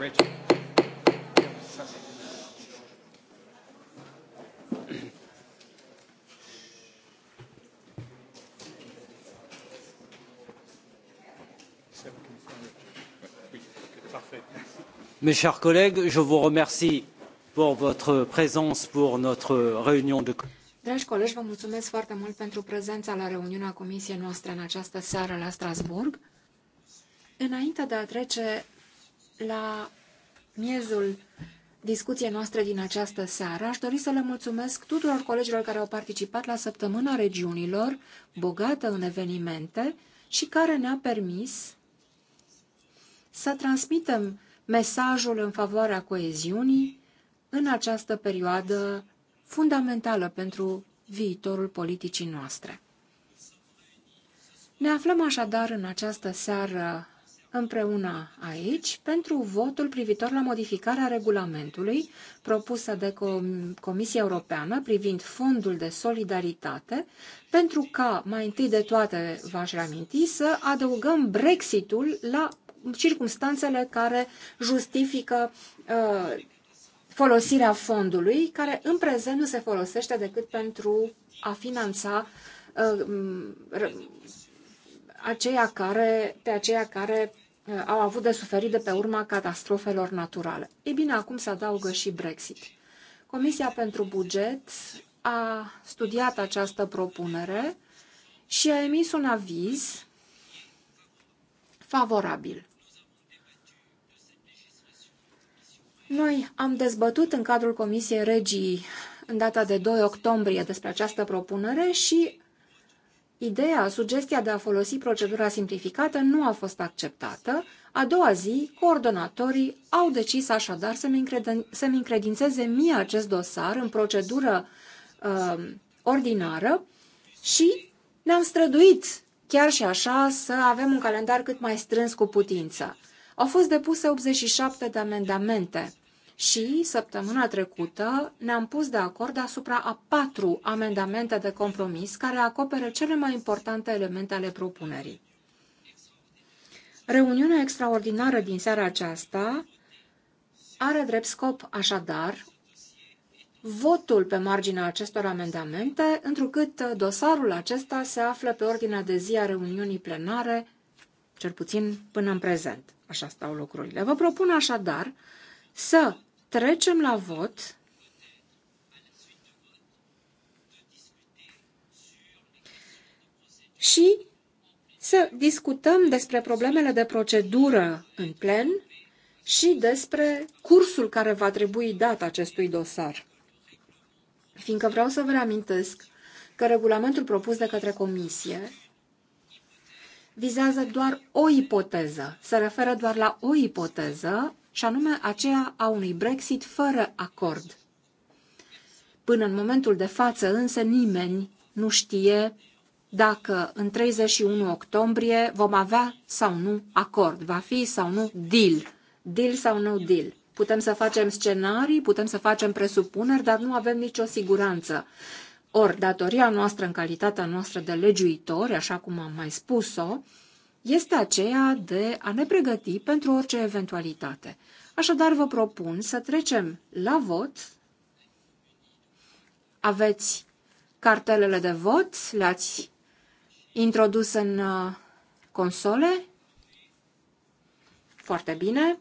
Rich. Mes chers collègues, je vous remercie pour votre présence pour notre réunion de Dragi colegi, vă mulțumesc foarte mult pentru prezența la reuniunea comisiei noastre în această seară la Strasburg. Înainte de a trece la miezul discuției noastre din această seară, aș dori să le mulțumesc tuturor colegilor care au participat la Săptămâna Regiunilor, bogată în evenimente și care ne-a permis să transmitem mesajul în favoarea coeziunii în această perioadă fundamentală pentru viitorul politicii noastre. Ne aflăm așadar în această seară împreună aici pentru votul privitor la modificarea regulamentului propusă de Comisia Europeană privind Fondul de Solidaritate, pentru ca, mai întâi de toate, v-aș reaminti, să adăugăm Brexitul la circumstanțele care justifică uh, folosirea fondului, care în prezent nu se folosește decât pentru a finanța uh, aceia care, pe aceia care Uh, au avut de suferit de pe urma catastrofelor naturale. Ei bine, acum se adaugă și Brexit. Comisia pentru buget a studiat această propunere și a emis un aviz favorabil. Noi am dezbătut în cadrul Comisiei Regii în data de 2 octombrie despre această propunere și Ideea, sugestia de a folosi procedura simplificată nu a fost acceptată. A doua zi, coordonatorii au decis așadar să-mi, încredin- să încredințeze mie acest dosar în procedură uh, ordinară și ne-am străduit chiar și așa să avem un calendar cât mai strâns cu putință. Au fost depuse 87 de amendamente și săptămâna trecută ne-am pus de acord asupra a patru amendamente de compromis care acoperă cele mai importante elemente ale propunerii. Reuniunea extraordinară din seara aceasta are drept scop, așadar, votul pe marginea acestor amendamente, întrucât dosarul acesta se află pe ordinea de zi a reuniunii plenare, cel puțin până în prezent. Așa stau lucrurile. Vă propun așadar să Trecem la vot. Și să discutăm despre problemele de procedură în plen și despre cursul care va trebui dat acestui dosar. Fiindcă vreau să vă reamintesc că regulamentul propus de către Comisie vizează doar o ipoteză, se referă doar la o ipoteză și anume aceea a unui Brexit fără acord. Până în momentul de față, însă, nimeni nu știe dacă în 31 octombrie vom avea sau nu acord, va fi sau nu deal, deal sau no deal. Putem să facem scenarii, putem să facem presupuneri, dar nu avem nicio siguranță. Ori, datoria noastră în calitatea noastră de legiuitori, așa cum am mai spus-o, este aceea de a ne pregăti pentru orice eventualitate. Așadar, vă propun să trecem la vot. Aveți cartelele de vot, le-ați introdus în uh, console. Foarte bine.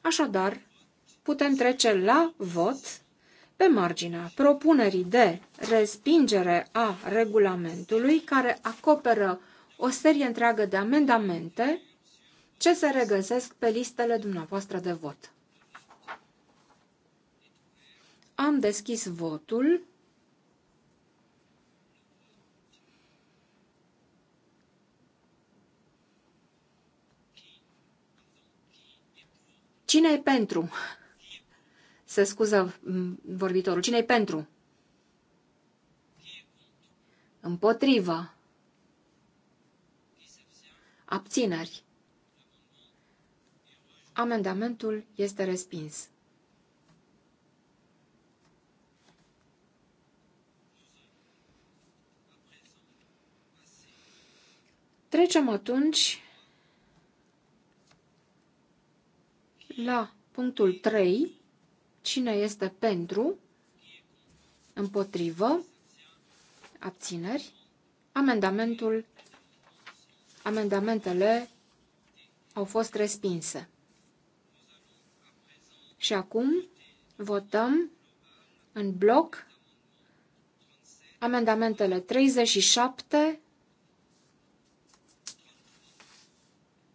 Așadar, putem trece la vot pe marginea propunerii de respingere a regulamentului care acoperă o serie întreagă de amendamente ce se regăsesc pe listele dumneavoastră de vot. Am deschis votul. Cine e pentru? Se scuză mm, vorbitorul. Cine-i pentru? Împotrivă. Abțineri. Amendamentul este respins. Trecem atunci la punctul 3, Cine este pentru? Împotrivă? Abțineri? Amendamentul, amendamentele au fost respinse. Și acum votăm în bloc amendamentele 37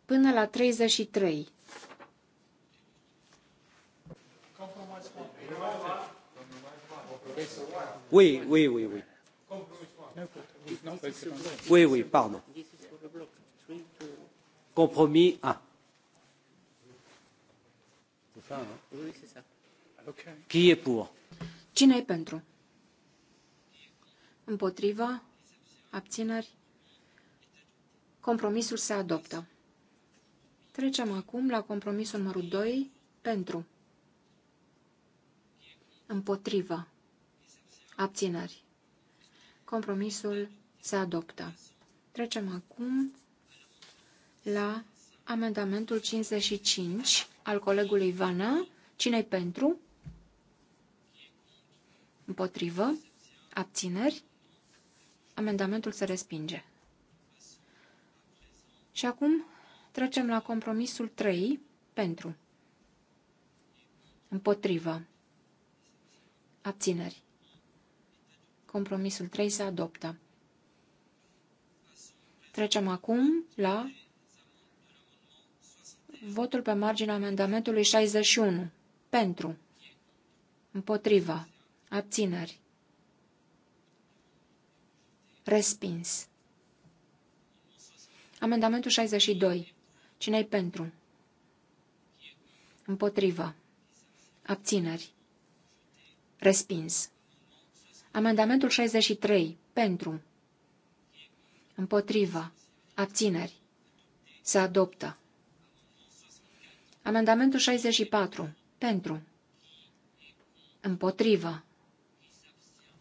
până la 33. Oui, oui, oui, oui. Oui, oui, pardon. Compromis 1. C'est ça, hein Oui, c'est ça. Qui est pour? Cine e pentru? Împotriva? Abțineri? Compromisul se adoptă. Trecem acum la compromisul numărul 2, pentru. Împotriva. Abținări. Compromisul se adoptă. Trecem acum la amendamentul 55 al colegului Vana. Cine-i pentru? Împotrivă? Abțineri? Amendamentul se respinge. Și acum trecem la compromisul 3, pentru. Împotrivă. Abțineri. Compromisul 3 se adoptă. Trecem acum la votul pe marginea amendamentului 61. Pentru. Împotriva. Abțineri. Respins. Amendamentul 62. Cine-i pentru? Împotriva. Abțineri. Respins. Amendamentul 63. Pentru. Împotrivă. Abțineri. Se adoptă. Amendamentul 64. Pentru. Împotrivă.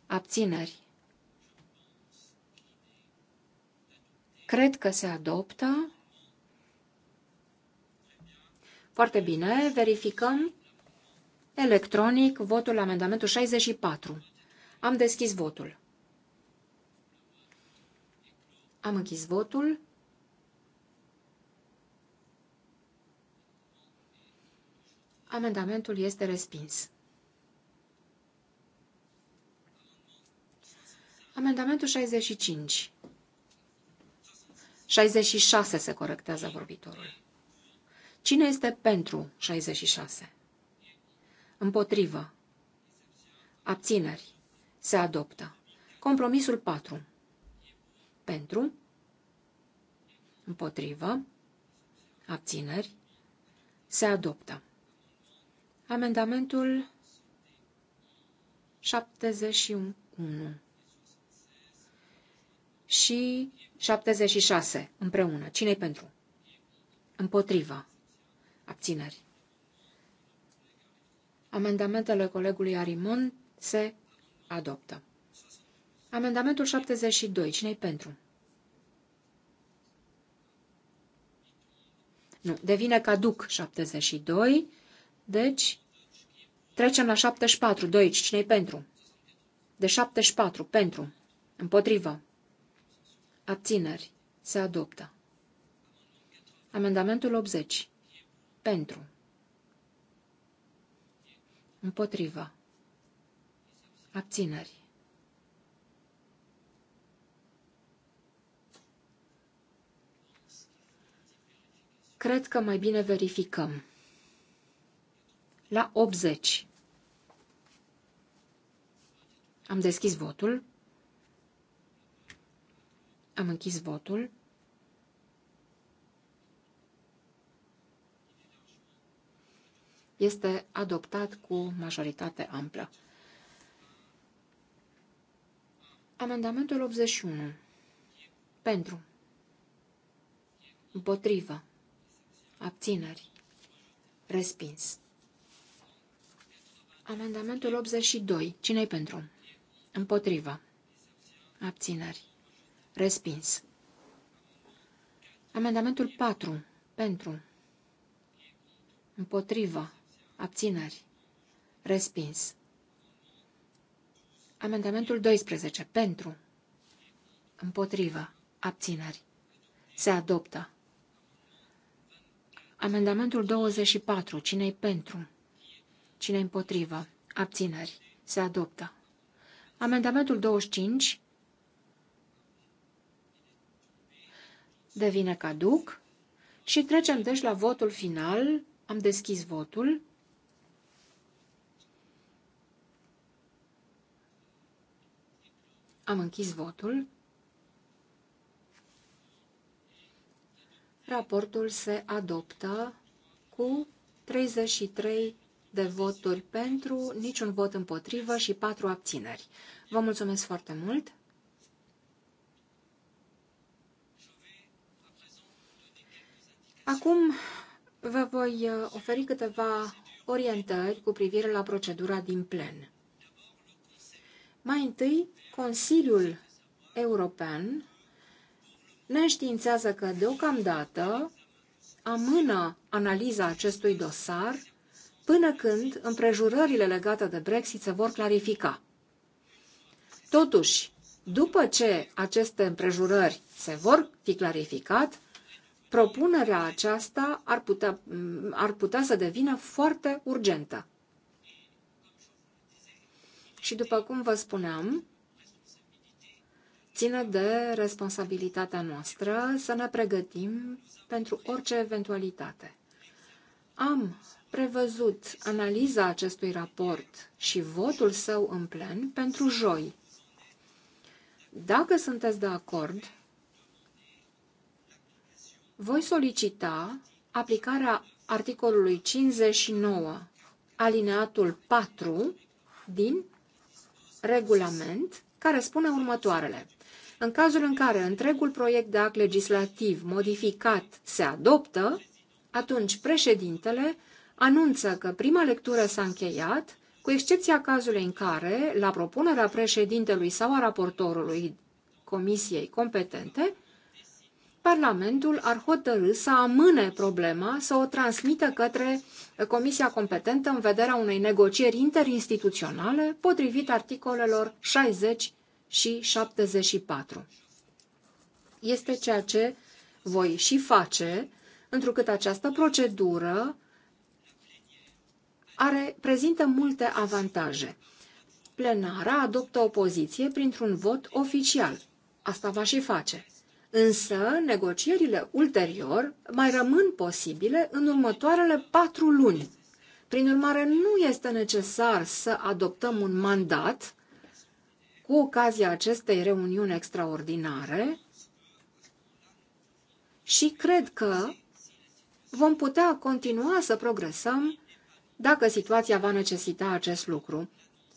Abțineri. Cred că se adoptă. Foarte bine, verificăm electronic votul amendamentul 64. Am deschis votul. Am închis votul. Amendamentul este respins. Amendamentul 65. 66 se corectează vorbitorul. Cine este pentru 66? Împotrivă. Abțineri. Se adoptă. Compromisul 4. Pentru. Împotrivă. Abțineri. Se adoptă. Amendamentul 71 și 76 împreună. Cine-i pentru? Împotriva. Abțineri. Amendamentele colegului Arimon se adoptă. Amendamentul 72. cine pentru? Nu, devine caduc 72, deci trecem la 74. 2. cine pentru? De 74. Pentru. Împotrivă. Abțineri. Se adoptă. Amendamentul 80. Pentru. Împotrivă. Abținări. Cred că mai bine verificăm. La 80. Am deschis votul. Am închis votul. Este adoptat cu majoritate amplă. Amendamentul 81. Pentru. Împotrivă. Abțineri. Respins. Amendamentul 82. Cine-i pentru? Împotrivă. Abțineri. Respins. Amendamentul 4. Pentru. Împotrivă. Abțineri. Respins. Amendamentul 12. Pentru. Împotrivă. Abțineri. Se adoptă. Amendamentul 24. Cine-i pentru? cine împotrivă? Abțineri. Se adoptă. Amendamentul 25 devine caduc și trecem deci la votul final. Am deschis votul. Am închis votul. Raportul se adoptă cu 33 de voturi pentru, niciun vot împotrivă și 4 abțineri. Vă mulțumesc foarte mult! Acum vă voi uh, oferi câteva orientări cu privire la procedura din plen. Mai întâi, Consiliul European ne științează că deocamdată amână analiza acestui dosar până când împrejurările legate de Brexit se vor clarifica. Totuși, după ce aceste împrejurări se vor fi clarificat, propunerea aceasta ar putea, ar putea să devină foarte urgentă. Și după cum vă spuneam, ține de responsabilitatea noastră să ne pregătim pentru orice eventualitate. Am prevăzut analiza acestui raport și votul său în plen pentru joi. Dacă sunteți de acord, voi solicita aplicarea articolului 59, alineatul 4 din regulament care spune următoarele. În cazul în care întregul proiect de act legislativ modificat se adoptă, atunci președintele anunță că prima lectură s-a încheiat, cu excepția cazului în care, la propunerea președintelui sau a raportorului comisiei competente, Parlamentul ar hotărâ să amâne problema, să o transmită către Comisia competentă în vederea unei negocieri interinstituționale potrivit articolelor 60 și 74. Este ceea ce voi și face, întrucât această procedură are, prezintă multe avantaje. Plenara adoptă o poziție printr-un vot oficial. Asta va și face. Însă, negocierile ulterior mai rămân posibile în următoarele patru luni. Prin urmare, nu este necesar să adoptăm un mandat cu ocazia acestei reuniuni extraordinare și cred că vom putea continua să progresăm dacă situația va necesita acest lucru,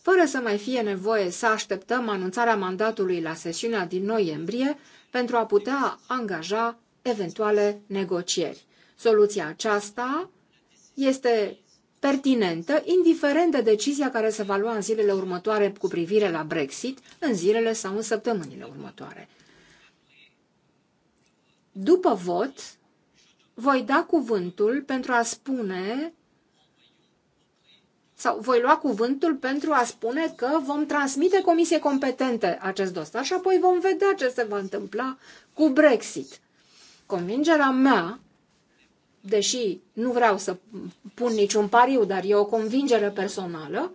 fără să mai fie nevoie să așteptăm anunțarea mandatului la sesiunea din noiembrie, pentru a putea angaja eventuale negocieri. Soluția aceasta este pertinentă, indiferent de decizia care se va lua în zilele următoare cu privire la Brexit, în zilele sau în săptămânile următoare. După vot, voi da cuvântul pentru a spune sau voi lua cuvântul pentru a spune că vom transmite comisie competente acest dosar și apoi vom vedea ce se va întâmpla cu Brexit. Convingerea mea, deși nu vreau să pun niciun pariu, dar e o convingere personală,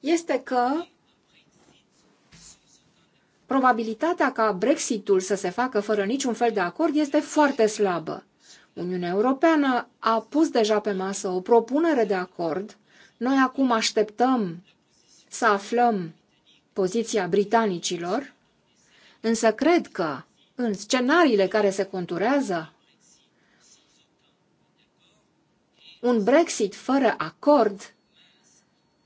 este că probabilitatea ca Brexitul să se facă fără niciun fel de acord este foarte slabă. Uniunea Europeană a pus deja pe masă o propunere de acord. Noi acum așteptăm să aflăm poziția britanicilor, însă cred că în scenariile care se conturează, un Brexit fără acord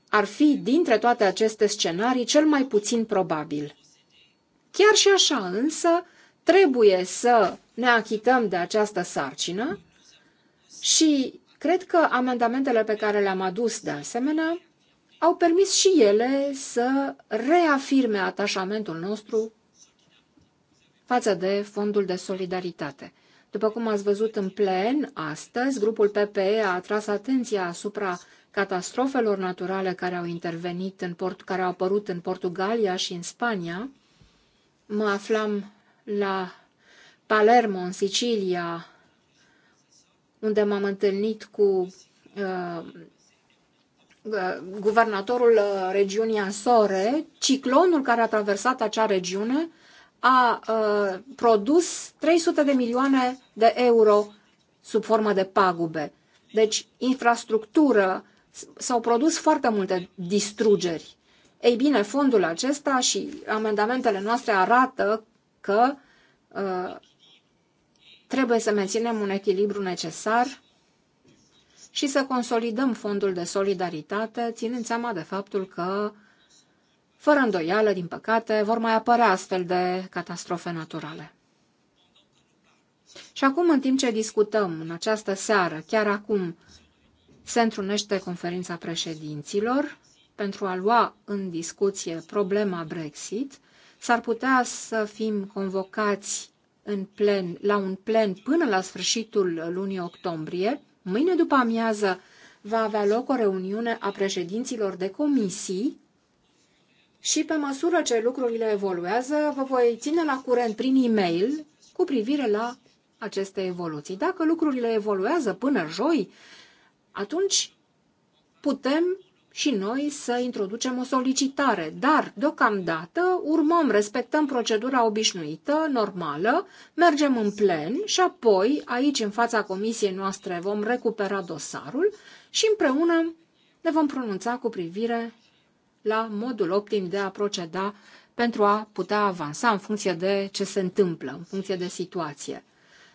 ar fi, dintre toate aceste scenarii, cel mai puțin probabil. Chiar și așa, însă, Trebuie să ne achităm de această sarcină și cred că amendamentele pe care le-am adus de asemenea au permis și ele să reafirme atașamentul nostru față de fondul de solidaritate. După cum ați văzut în plen, astăzi, grupul PPE a atras atenția asupra catastrofelor naturale care au intervenit în port, care au apărut în Portugalia și în Spania. Mă aflam la Palermo, în Sicilia, unde m-am întâlnit cu uh, uh guvernatorul uh, regiunii Asore, ciclonul care a traversat acea regiune a uh, produs 300 de milioane de euro sub formă de pagube. Deci, infrastructură, s-au produs foarte multe distrugeri. Ei bine, fondul acesta și amendamentele noastre arată că uh, trebuie să menținem un echilibru necesar și să consolidăm fondul de solidaritate, ținând seama de faptul că, fără îndoială, din păcate, vor mai apărea astfel de catastrofe naturale. Și acum, în timp ce discutăm în această seară, chiar acum, se întrunește conferința președinților pentru a lua în discuție problema Brexit, s-ar putea să fim convocați în plen, la un plen până la sfârșitul lunii octombrie. Mâine după amiază va avea loc o reuniune a președinților de comisii și pe măsură ce lucrurile evoluează, vă voi ține la curent prin e-mail cu privire la aceste evoluții. Dacă lucrurile evoluează până joi, atunci putem și noi să introducem o solicitare. Dar, deocamdată, urmăm, respectăm procedura obișnuită, normală, mergem în plen și apoi, aici, în fața comisiei noastre, vom recupera dosarul și împreună ne vom pronunța cu privire la modul optim de a proceda pentru a putea avansa în funcție de ce se întâmplă, în funcție de situație.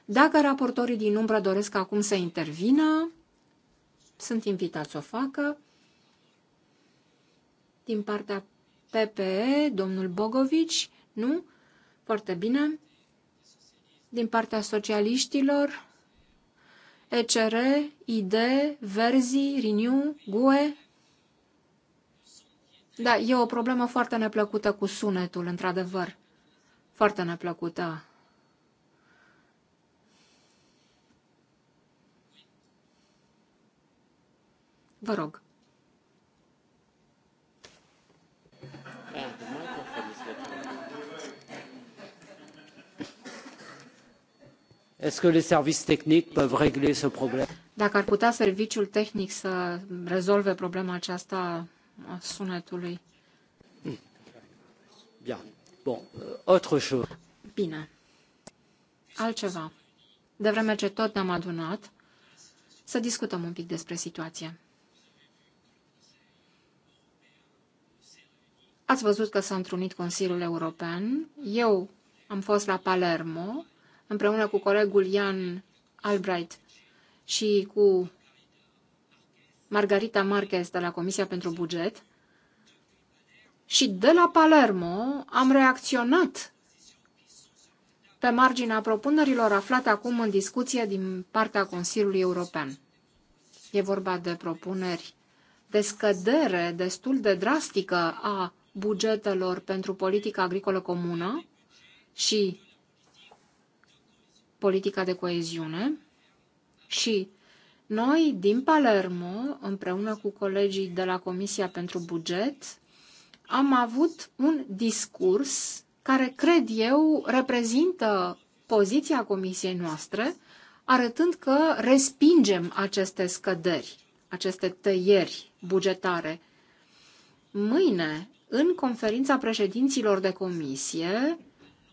Dacă raportorii din umbră doresc acum să intervină, sunt invitați să o facă. Din partea PPE, domnul Bogovici, nu? Foarte bine. Din partea socialiștilor, ECR, ID, Verzi, Renew, GUE. Da, e o problemă foarte neplăcută cu sunetul, într-adevăr. Foarte neplăcută. Vă rog. Est-ce que les services techniques peuvent régler ce problème? Dacă ar putea serviciul tehnic să rezolve problema aceasta a sunetului. Hmm. Bien. Bon, euh, autre chose. Bine. Altceva. De vreme ce tot ne-am adunat, să discutăm un pic despre situație. Ați văzut că s-a întrunit Consiliul European. Eu am fost la Palermo împreună cu colegul Ian Albright și cu Margarita Marquez de la Comisia pentru Buget. Și de la Palermo am reacționat pe marginea propunerilor aflate acum în discuție din partea Consiliului European. E vorba de propuneri de scădere destul de drastică a bugetelor pentru politica agricolă comună și politica de coeziune și noi din Palermo, împreună cu colegii de la Comisia pentru Buget, am avut un discurs care, cred eu, reprezintă poziția comisiei noastre, arătând că respingem aceste scăderi, aceste tăieri bugetare. Mâine, în conferința președinților de comisie,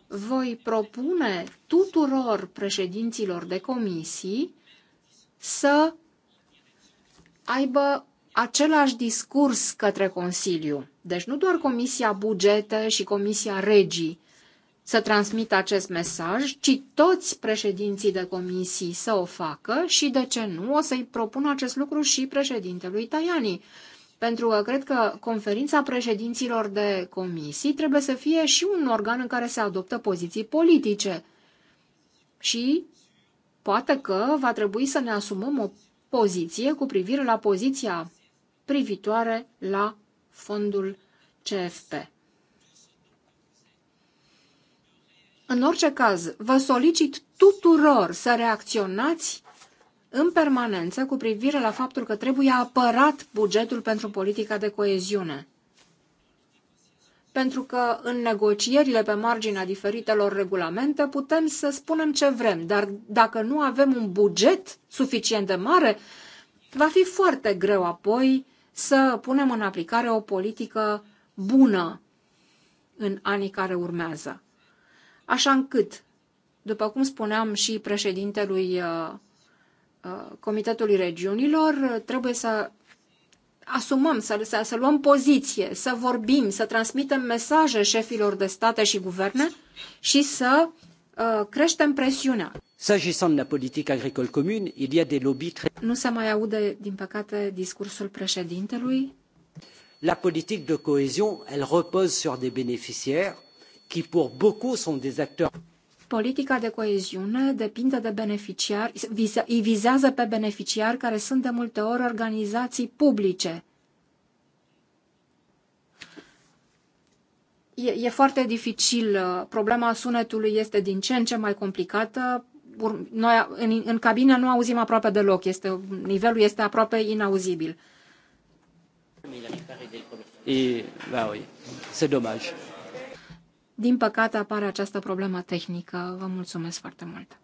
voi propune tuturor președinților de comisii să aibă același discurs către Consiliu. Deci nu doar Comisia Bugete și Comisia Regii să transmită acest mesaj, ci toți președinții de comisii să o facă și, de ce nu, o să-i propun acest lucru și președintelui Tajani pentru că cred că conferința președinților de comisii trebuie să fie și un organ în care se adoptă poziții politice. Și poate că va trebui să ne asumăm o poziție cu privire la poziția privitoare la fondul CFP. În orice caz, vă solicit tuturor să reacționați în permanență cu privire la faptul că trebuie apărat bugetul pentru politica de coeziune. Pentru că în negocierile pe marginea diferitelor regulamente putem să spunem ce vrem, dar dacă nu avem un buget suficient de mare, va fi foarte greu apoi să punem în aplicare o politică bună în anii care urmează. Așa încât, după cum spuneam și președintelui uh, Uh, Comitetului Regiunilor, uh, trebuie să asumăm, să, să, să luăm poziție, să vorbim, să transmitem mesaje șefilor de state și guverne și să uh, creștem presiunea. S'agissant de la politică agricole comună, il y a des lobby très... Nu se mai aude, din păcate, discursul președintelui. La politique de cohésion, elle repose sur des bénéficiaires qui pour beaucoup sont des acteurs politica de coeziune depinde de beneficiari, îi vizează pe beneficiari care sunt de multe ori organizații publice. E, e foarte dificil, uh, problema sunetului este din ce în ce mai complicată, noi în, în cabină nu auzim aproape deloc, este, nivelul este aproape inauzibil. Et, bah da, oui, c'est dommage din păcate apare această problemă tehnică. Vă mulțumesc foarte mult!